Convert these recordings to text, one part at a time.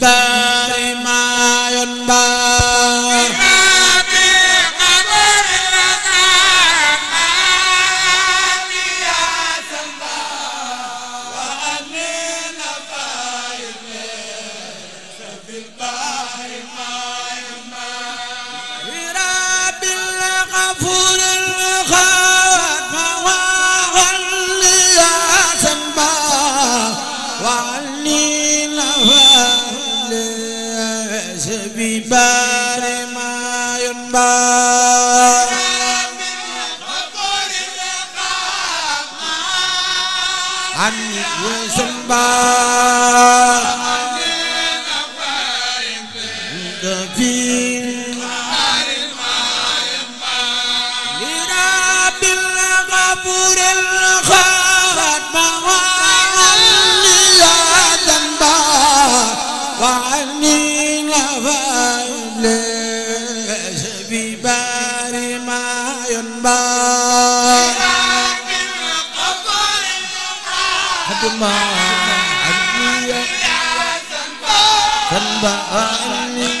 baari maayoon baari ma anniya sanba anniya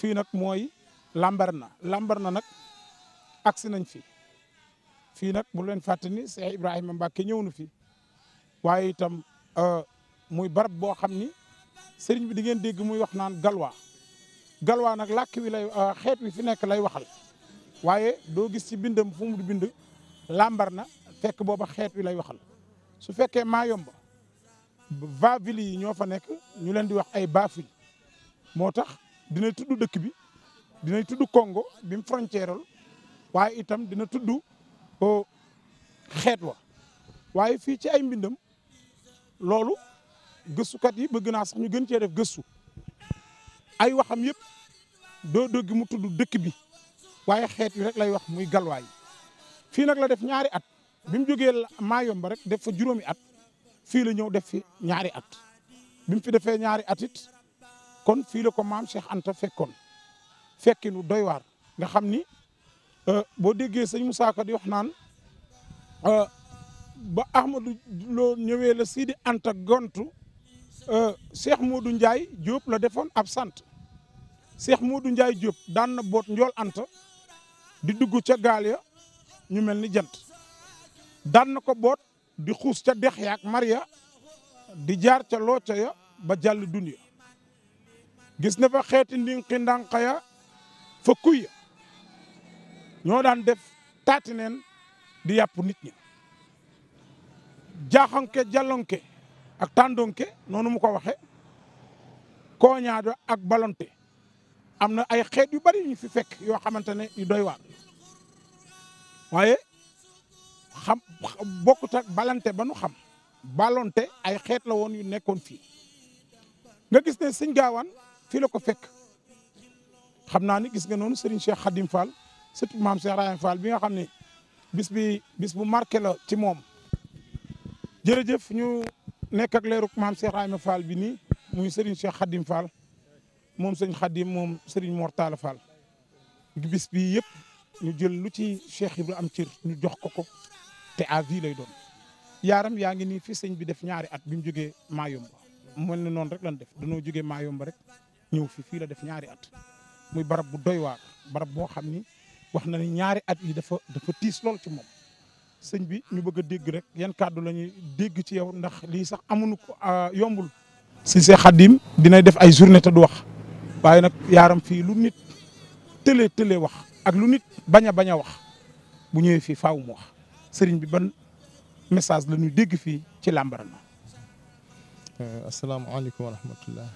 fii nag mooy Lambaréné Lambaréné nag agsi nañ fi fii nag bu leen fàtte ni Cheikh Ibrahima Mbacke ñëw na fi waaye itam euh, muy barab boo xam ni sëriñ bi di ngeen dégg muy wax naan galwaa galwaa nag làkk wi euh, xeet wi fi nekk lay waxal waaye doo gis ci bindam fu mu bind Lambaréné fekk booba xeet wi lay waxal su fekkee maa yomba vavilles ñoo fa nekk ñu leen di wax ay baafil moo tax dina tudd dëkk bi dina tudd kongo bi mu frontière waaye itam dina tudd xeet wa waaye fii ci ay mbindam loolu gëstukat yi bëgg naa sax ñu gën cee def gëstu ay waxam yépp doo doggi mu tudd dëkk bi waaye xeet yi rek lay wax muy galwaay fii nag la def ñaari at bi mu jógee Mayomba rek def fa juróomi at fii la ñëw def fi ñaari at bi mu fi defee ñaari atit kon fii ko maam Cheikh Anta fekkoon fekkinu doy waar nga xam ni euh, boo déggee sëñ Moussa Ka di wax naan euh, ba Ahmadou loo ñëwee la siidi Anta gontu euh, Cheikh Modou njaay Diop la defoon ab sant Cheikh Modou njaay Diop daan na boot njool Anta di dugg ca gaal ya ñu mel ni jant daan na ko boot di xuus ca dex yaak Maria di jaar ca looca ya ba jàll dund gis na fa xeeti ndinki ndànk ya fa kuy ñoo daan def taati neen di yàpp nit ñi jaaxanke jallonke ak tàndonke noonu mu ko waxe kooñaado ak balonte am na ay xeet yu bari ñu fi fekk yoo xamante ne yu doy waar waaye xam bokkut ak balante ba nu xam balonte ay xeet la woon yu nekkoon fii nga gis ne sëñ gaawaan fii la ko fekk xam naa ni gis nga noonu Serigne Cheikh Khadim Fall surtout maam Cheikh Rahim Fall bi nga xam ne bis bi bis bu marqué la ci moom. jërëjëf ñu nekk ak leeruk maam bi nii muy Serigne Cheikh Khadim moom sëñ Khadim moom Serigne Mortala Fall bis bi yëpp ñu jël lu ci Cheikh Ibra am cër ñu jox ko ko te à vie lay doon. yaaram yaa ngi nii fii sëñ bi def ñaari at bi mu jógee Mayumba mu mel ne noonu rek lan def danoo jógee Mayumba rek. ñëw fi fii la def ñaari at muy barab bu doy waar barab boo xam ni wax na ni ñaari at yi dafa dafa tiis lool ci moom sëñ bi ñu bëgg a dégg rek yan kàddu lañuy dégg ci yow ndax lii sax amunu ko yombul. si see xaddim dinay def ay journée te du wax waaye nag yaaram fii lu nit tëlee tëlee wax ak lu nit bañ a bañ a wax bu ñëwee fii faaw mu wax sëriñ bi ban message la dégg fii ci Lambaréné. Euh, asalaamaaleykum wa rahmatullah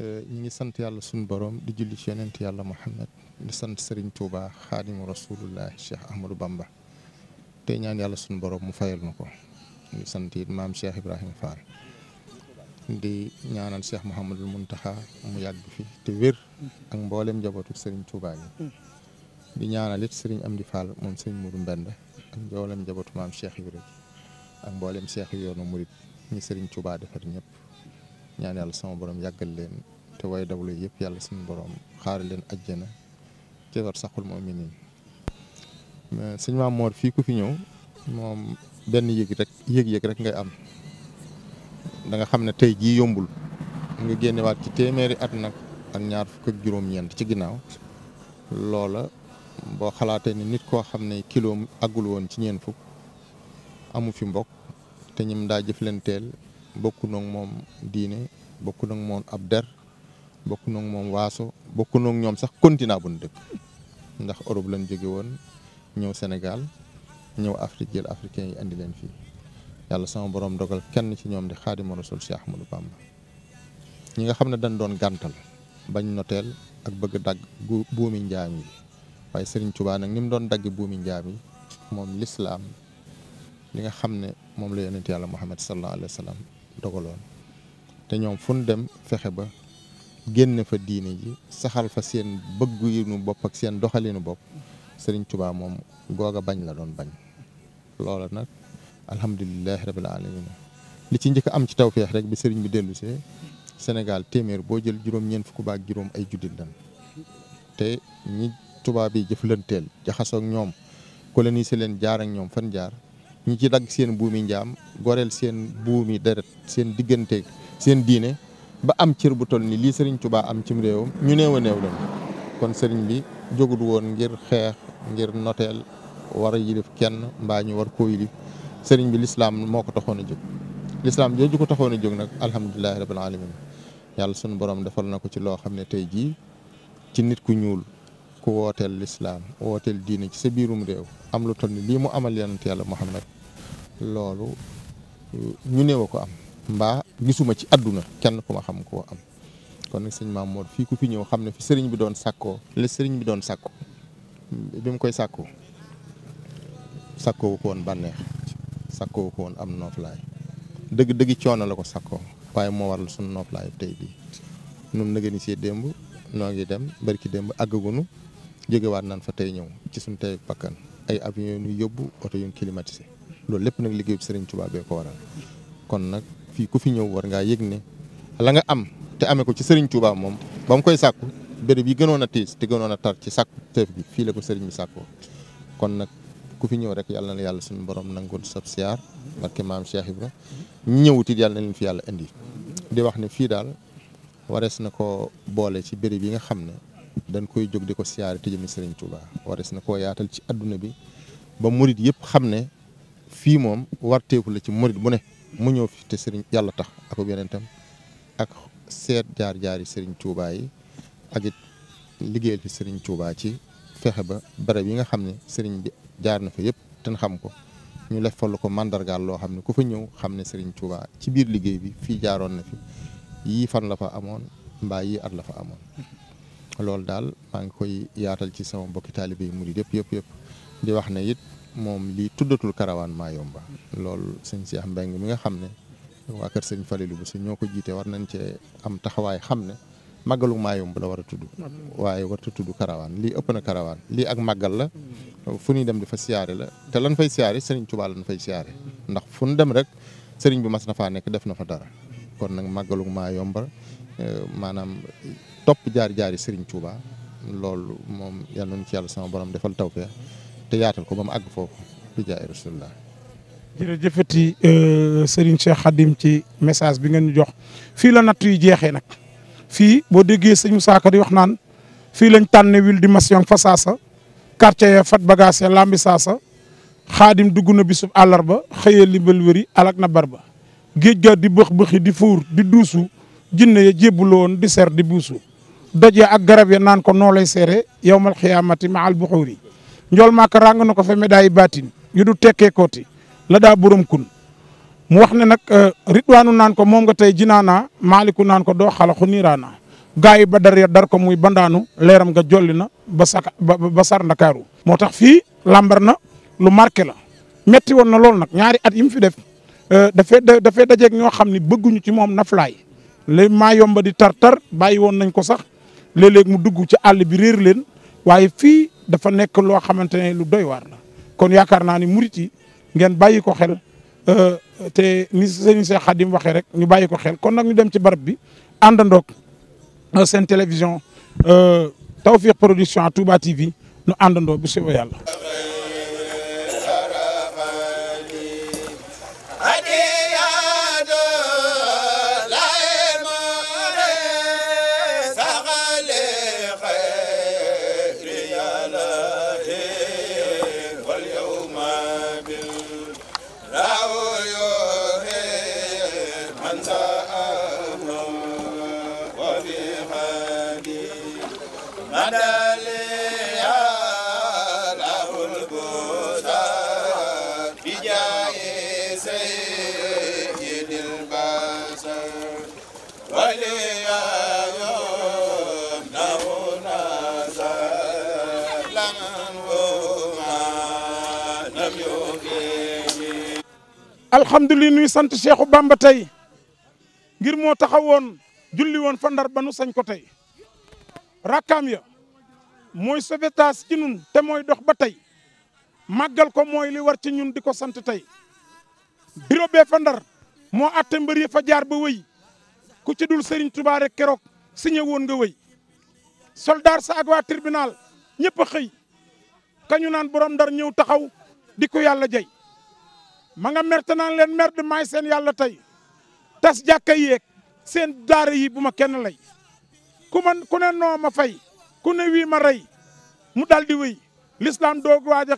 Euh, ñi ngi sant yàlla suñu boroom di julli ci yonent yàlla Muhammad di sant Serigne Touba xaadimu rasulullah Cheikh Ahmadou Bamba te ñaan yàlla suñu borom mu fayal na ko di sant maam seex Ibrahima Fall di ñaanal Cheikh Mouhamadul Mountakha mu yàgg fi te wér ak mboolem njabootu Serigne Touba yi di ñaanal it am di Fall moom Serigne Mourou Mbend ak mboolem njabootu maam Cheikh Ibrahima ak mboolem Cheikh yoonu Mouride ñi Serigne Touba defar ñëpp. ñaan yàlla sama boroom yàggal leen te way dawlu yëpp yàlla suñu boroom xaar leen ajjana ci war saxul mu'minin sëñ Maam Mor fii ku fi ñëw moom benn yëg rek yëg-yëg rek ngay am danga xam ne tey jii yombul nga génnewaat ci téeméeri at nag ak ñaar fukk ak juróom-ñeent ci ginnaaw loola boo xalaatee ni nit koo xam ne kiloom àggul woon ci ñeent fukk amu fi mbokk te ñim daa jëflanteel bokk nag moom diine bokk nag moom ab der bokk nag moom waaso bokk nag ñoom sax continent bu ñu dëkk ndax Europe lañ jóge woon ñëw senegal ñëw Afrique jël africain yi indi leen fii yàlla sama borom dogal kenn ci ñoom di Xaadimu Rasuul Cheikh Ahmadou Bamba ñi nga xam ne dañ doon gàntal bañ noteel ak bëgg dagg buumi njaam yi waaye Serigne Touba nag ni mu doon dagg buumi njaam yi moom lislaam li nga xam ne moom la yonent yàlla Muhammad sallallahu dogaloon te ñoom fu dem fexe ba génn fa diine ji saxal fa seen bëggu yi nu bopp ak seen doxalinu bopp sëriñ Tuubaa moom googa bañ la doon bañ loola nag alhamdulilahi rabil alamin li ci njëkk am ci tawféex rek bi sëriñ bi dellu see Sénégal téeméer boo jël juróom ñeent fukk baak juróom ay juddit lan te ñi tubaab yi jëflanteel jaxasoog ñoom colonisé leen jaar ñoom fan jaar ñu ci dagg seen buumi njaam goreel seen buumi deret seen diggante seen diine ba am cër bu toll ni lii sëriñ tubaa am cim réewam ñu néew a néew lañu kon sëriñ bi jógut woon ngir xeex ngir noteel war a yilif kenn mbaa ñu war koo yilif sëriñ bi lislaam moo ko taxoon jóg lislaam jooju ko taxoon jóg nag alhamdulilahi rabbil alamin yàlla sunu borom defal na ko ci loo xam ne tey jii ci nit ku ñuul ku wooteel lislaam wooteel diine ci sa biirum réew am lu to lii mu amal yonent yàlla Muhammad loolu ñu néew ko am mbaa gisuma ci àdduna kenn ku ma xam koo am kon nag sëñ Maam Moor fii ku fi ñëw xam ne fi sëriñ bi doon sàkkoo la sëriñ bi doon sàkko bi mu koy sàkkoo sàkkoo ko woon bànneex sàkkoo ko woon am nooflaay dëgg dëgg coono la ko sàkkoo waaye moo waral sunu nooflaay tey bii nun na ni see démb noo ngi dem barki démb àggagunu jógewaat naan fa tey ñëw ci suñ tey bakkan ay avion yu yóbbu oto yu climatisé loolu lépp nag liggéey sëriñ Serigne bee ko waral kon nag fii ku fi ñëw war ngaa yëg ne la nga am te amee ko ci sëriñ Touba moom ba mu koy sàkku bërëb yi gënoon a tiis te gënoon a tar ci sàkku teef bi fii la ko Serigne bi sàkkoo kon nag ku fi ñëw rek yàlla yàlla suñu borom nangul sab siyaar barke maam Cheikh Ibra ñëwut it yàlla na leen fi yàlla indi di wax ne fii daal warees na ko boole ci béréb yi nga xam ne dañ koy jóg di ko siyaare te jëmi sëriñ Touba warees na koo yaatal ci adduna bi ba murit yëpp xam ne fii moom warteeku la ci murit bu ne mu ñëw te sëriñ yàlla tax ak yeneen ak seet jaar jaari sëriñ Touba yi ak it liggéeyal fi sëriñ Touba ci fexe ba barab yi nga xam ne sëriñ bi jaar na fa yëpp ten xam ko ñu lef fa lu ko mandargaal loo xam ne ku fa ñëw xam ne sëriñ Touba ci biir liggéey bi fii jaaroon na fi yii fan la fa amoon mbaa yi at la fa amoon loolu daal maa ngi koy yaatal ci sama mbokki taalibe yi murit yëpp yëpp yëpp di wax na it moom lii tuddatul karawaan maa yomba loolu sëñ Cheikh Mbengue mi nga xam ne waa kër sëñ Falilou bu si ñoo ko jiite war nañ cee am taxawaay xam ne màggalu maa yomb la war a tudd waaye war warta tudd karawaan lii ëpp na karawaan lii ak màggal la fu ñuy dem di fa siyaare la te lan fay siyaare sëriñ Tuubaa lan fay siyaare ndax fu ñu dem rek sëriñ bu mas na faa nekk def na fa dara kon nag màggalu maa yomba eh, maanaam topp jaari jaari sëriñ Tuubaa loolu moom yal nañu ci yàlla borom defal tawfeex te yaatal ko ba mu àgg foofu bi jaay rasulullah euh, ci message bi ngeen ñu jox fii la natt yi jeexee nag fii boo déggee sëñ Moussa Ka di wax naan fii lañ tànne wil di Massion fa saasa quartier ya fat bagage ya lambi saasa xaadim dugg na bisub àllarba xëyee limbal wëri alak na barba géej ga di bëx bëxi di fuur di duusu jinne ya jébbuloon di ser di buusu doj ya ak garab ya naan ko noo lay seere yowmal xiyaamati ma al njol maaka ràng na ko fa médaille baatin yu du tekkee kooti la daa borom kun mu wax ne nag euh, ritwaanu naan ko moom nga tey jinaana maaliku naan ko doo xalaxu niiraana gaa yi ba dar ya dar ko muy bandaanu leeram nga jolli na ba saka sar ndakaaru moo tax fii lambar na lu marqué la metti woon na loolu nag ñaari at yi mu fi def euh, dafay dafay dajeeg ñoo xam ne bëgguñu ci moom naflaay léegi maa yomba di tar tar bàyyi woon nañ ko sax léeg mu dugg ci àll bi réer leen waaye fii dafa nekk loo xamante ne lu doy waar la kon yaakaar naa ni murit yi ngeen bàyyi ko xel euh, te ni sëñ Seex Xadim waxee rek ñu bàyyi ko xel kon nag ñu dem ci barab bi àndandoog euh, seen télévision euh, Tawfekh Production Touba TV ñu àndandoo bu soobee yàlla. alhamdulilah nuy sant Cheikhu bàmba tey ngir moo taxaw woon julli woon fa ndar ba nu sañ ko tey rakkaam ya mooy sauvetage ci ñun te mooy dox ba tey màggal ko mooy li war ci ñun di ko sant tey bureau bee fa ndar moo atte mbër yi fa jaar ba wëy ku ci dul Serigne Touba rek keroog signé woon nga wëy soldat sa ak waa tribunal ñëpp xëy kañu naan borom ndar ñëw taxaw di ko yàlla jey ma nga merte naan leen merde maay seen yàlla tey tas jàkka yeeg seen daara yi bu ma kenn lay ku man ku ne noo ma fay ku ne wii ma rey mu daldi di wéy l'islam doog waaj a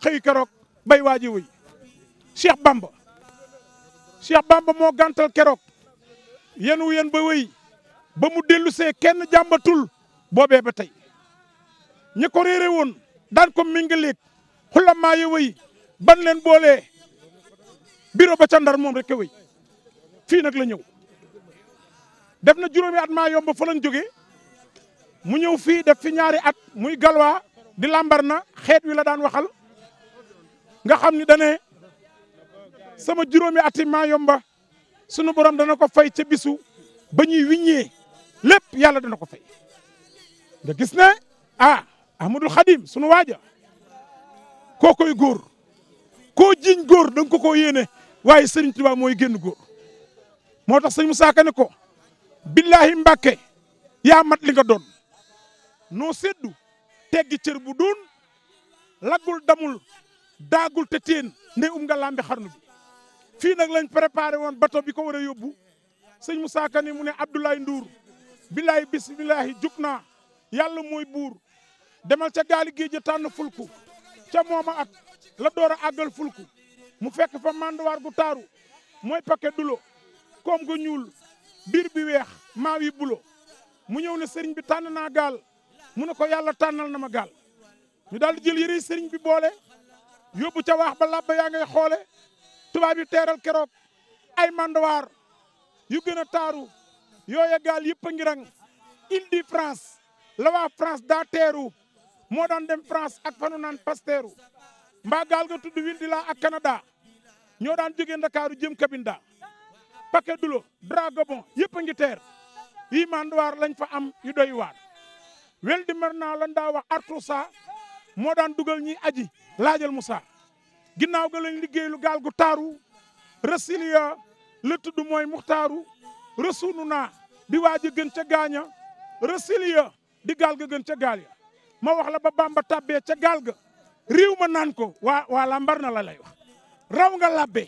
xëy bay waaj a wéy Cheikh Bamba Cheikh Bamba moo gàntal keroog yéen wu yéen ba wéy ba mu dellu see kenn jàmbatul boobee ba tey ñi ko réere woon daan ko mingaleeg xulamaa yi wéy ban leen boolee bureau ba moom rek a fii nag la ñëw def na juróomi at maa yomb fa lañ jógee mu ñëw fii def fi ñaari at muy galwaa di lambar na xeet wi la daan waxal nga xam ni dane sama juróomi ati maa yomba sunu borom dana ko fay ca bisu ba ñuy wiññee lépp yàlla dana ko fay nga gis ne ah ahmadul xadim sunu waaja koo góor koo jiñ góor danga ko koo yéene waaye Serigne Touba mooy génn góor moo tax sëñ Moussa Ka ne ko billahi mbakke yaa mat li nga doon noo seddu teggi cër bu duun laggul damul daagul te teen ne um nga lambi xarnu bi fii nag lañ préparé woon bato bi ko war a yóbbu sëñ Moussa Ka ne mu ne Abdoulaye Ndour billahi bismillahi jug naa yàlla mooy buur demal ca gaali géej tànn fulku ca mooma at la door a àggal fulku mu fekk fa manduwaar gu taaru mooy paquet dulo koom gu ñuul biir bi weex maaw yi bulo mu ñëw ne sëriñ bi tànn naa gaal mu ne ko yàlla tànnal na ma gaal ñu daal di jël yëre sëriñ bi boole yóbbu ca waax ba làbba yaa ngay xoole tubaab yi teeral keroog ay manduwaar yu gën a taaru yooya gaal yëpp a ngi rang Île de France daa teeru moo daan dem France ak fanu naan pasteeru mbaa gaal nga tudd Windila ak Canada ñoo daan jógee Ndakaaru jëm Kabinda paquet dulo dragobon yëpp a ngi teer yii manduwaar lañ fa am yu doy waar wel di mer naa lañ daa wax artusa moo daan dugal ñi aji laajal Moussa ginnaaw ga lañ liggéey lu taaru resilia la du moy muxtaaru resunu naa di waaj a gën ca gaaña resilia di gaal gën ca gaal ya ma wax la ba Bamba tàbbee ca gaal ga réew ma naan ko waa waa lambar na la lay wax raw nga labbe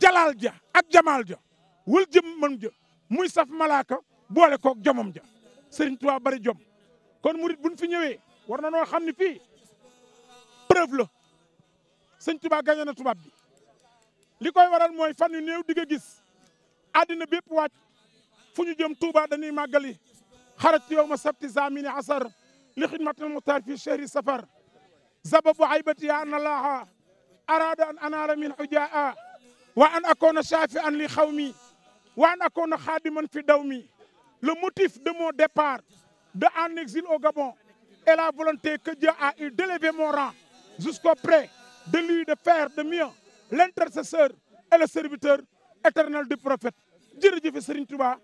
jalaal ja ak jamaal ja wul jëm mën ja muy saf malaaka boole kook jomam ja Serigne Touba bari jom kon murit buñ fi ñëwee war na noo xam ne fii preuve la sëñ Touba gañe tubaab bi li koy waral mooy fan yu néew di nga gis àddina bépp wàcc fu ñu jëm Touba dañuy màggali xaraj yow ma sabti zamini asar li xidmatul muxtaar fii chehri safar sababu aybatiya an allaha arada an anaala min hujaa wa an akoona shafian li xawmi wa an akoona xaadiman fi dawmi le motif de mon départ de en exil au Gabon est la volonté que Dieu a eu d'élever mon rang jusqu'auprès de lui de faire de mieux l'intercesseur et éternel du prophète jërëjëf Serigne Touba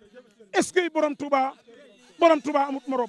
est-ce que borom Touba borom Touba amut morom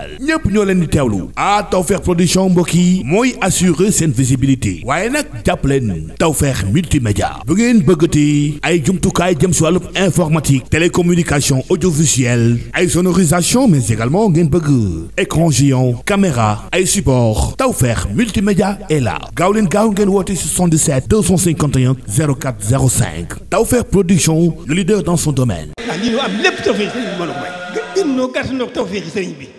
Sénégal ñoo leen di teewlu ah Tawfekh production mbokk yi mooy assurer seen visibilité waaye nag jàppaleen Tawfekh multimédia bu ngeen bëggati ay jumtukaay jëm si wàllu informatique télécommunication audiovisuelle ay sonorisation mais également ngeen bëgg écran géant caméra ay support Tawfekh multimédia est là gaaw leen gaaw ngeen woote 77 251 04 05 Tawfekh production le leader dans son domaine. ah lii ñu am lépp Tawfekh sëriñ bi mën a may. gën noo gàtt noo Tawfekh sëriñ